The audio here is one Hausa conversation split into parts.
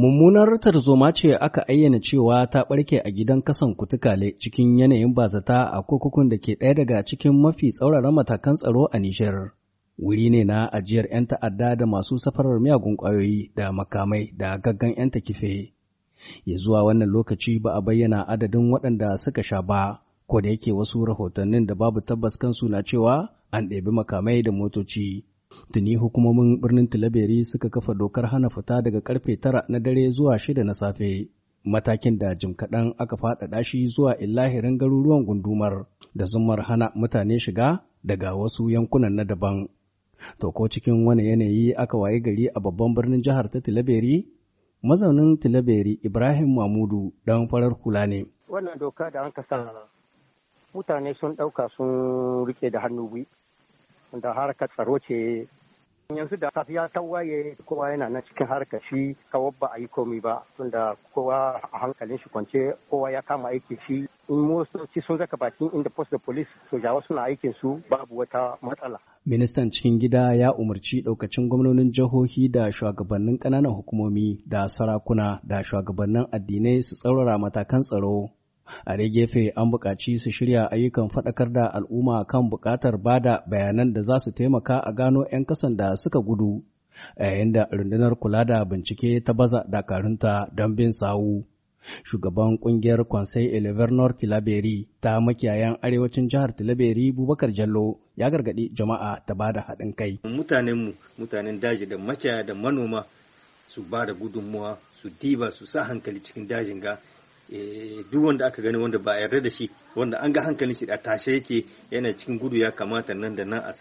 Mummunar zoma ce aka ayyana cewa ta ɓarke a gidan kasan kutukale cikin yanayin bazata a kurkukun da ke ɗaya daga cikin mafi tsauraran matakan tsaro a Nijar. Wuri ne na ajiyar 'yan ta'adda da masu safarar miyagun ƙwayoyi da makamai da gaggan 'yan kife. Ya zuwa wannan lokaci ba a bayyana adadin waɗanda suka sha ba, ko da yake wasu rahotannin da babu tabbas kansu na cewa an ɗebi makamai da motoci. Tuni hukumomin birnin Tilaberi suka kafa dokar hana fita daga karfe tara na dare zuwa shida na safe. Matakin da jim kaɗan aka faɗaɗa shi zuwa illahirin garuruwan gundumar da zumar hana mutane shiga daga wasu yankunan na daban. To ko cikin wani yanayi aka waye gari a babban birnin jihar ta Tilaberi? Mazaunin Tilaberi Ibrahim Mamudu dan farar kula ne. Wannan doka da an sa mutane sun ɗauka sun rike da hannu gwi, da harkar tsaro ce yanzu da safiya ta tawaye kowa yana nan cikin harka shi kawo ba a yi komi ba tunda kowa a hankalin shi kwance kowa ya kama aiki shi in motoci sun zaka bakin inda post da police jawo suna aikin su babu wata matsala ministan cikin gida ya umarci daukacin gwamnonin jihohi da shugabannin kananan hukumomi da sarakuna da shugabannin addinai su tsaurara matakan tsaro a rai gefe an buƙaci su shirya ayyukan faɗakar da al'umma kan buƙatar bada bayanan da za su taimaka a gano 'yan kasan da suka gudu yayin da rundunar kula da bincike ta baza dakarunta don bin sawu shugaban ƙungiyar kwansai elever tilaberi ta makiyayan arewacin jihar tilaberi bubakar jallo ya gargaɗi jama'a ta bada haɗin kai mutanenmu mutanen daji da makiyaya da manoma su ba da gudunmuwa su diba su sa hankali cikin dajin ga Eh, duk wanda aka gani wanda ba a yarda da shi wanda an ga hankalin shi a tashe yake yana cikin gudu ya kamata nan da nan a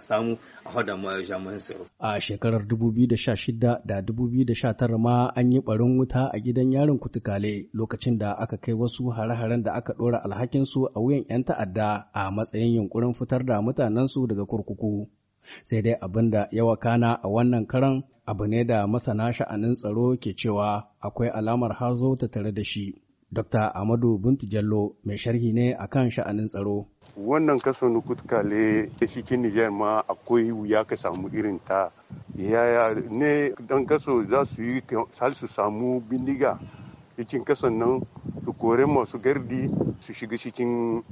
samu a hada ma jami'an tsaro. A shekarar 2016 da 2019 ma an yi barin wuta a gidan yarin kutukale lokacin da aka kai wasu hare-haren da aka ɗora alhakinsu a wuyan 'yan ta'adda a matsayin yunkurin fitar da mutanensu daga kurkuku. sai dai abin da ya kana a wannan karan abu ne da masana sha'anin tsaro ke cewa akwai alamar hazo ta tare da shi dokta amadu bintu jallo mai sharhi ne a kan sha'anin tsaro wannan kaso nukutkale da cikin nijar ma akwai wuya ka samu irin ta yaya ne dan kaso za su yi su samu bindiga cikin kasan nan su kore masu gardi su shiga cikin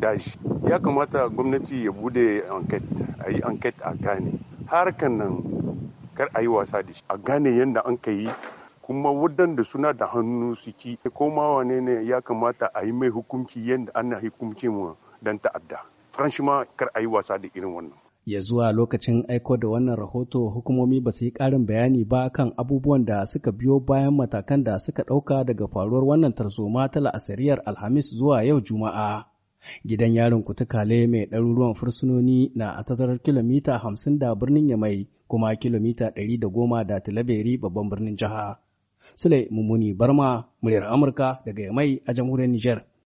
dashi ya kamata gwamnati ya bude enquete a yi enquete a gane harkan nan kar a yi wasa da shi a gane yadda an ka yi kuma waɗanda suna da hannu suki ko ma wane ne ya kamata a yi mai hukunci yadda ana hukunci mu dan ta'adda franchement kar a yi wasa da irin wannan ya zuwa lokacin aiko da wannan rahoto hukumomi ba su yi ƙarin bayani ba kan abubuwan da suka biyo bayan matakan da suka ɗauka daga faruwar wannan tarzoma ta la'asariyar alhamis zuwa yau juma'a Gidan yarin kutukale mai ɗaruruwan fursunoni na a tazarar kilomita hamsin da birnin Yamai kuma kilomita ɗari da goma da Tilaberi babban birnin jiha. Sule Mummuni Barma, muryar Amurka daga Yamai a jamhuriyar Nijar.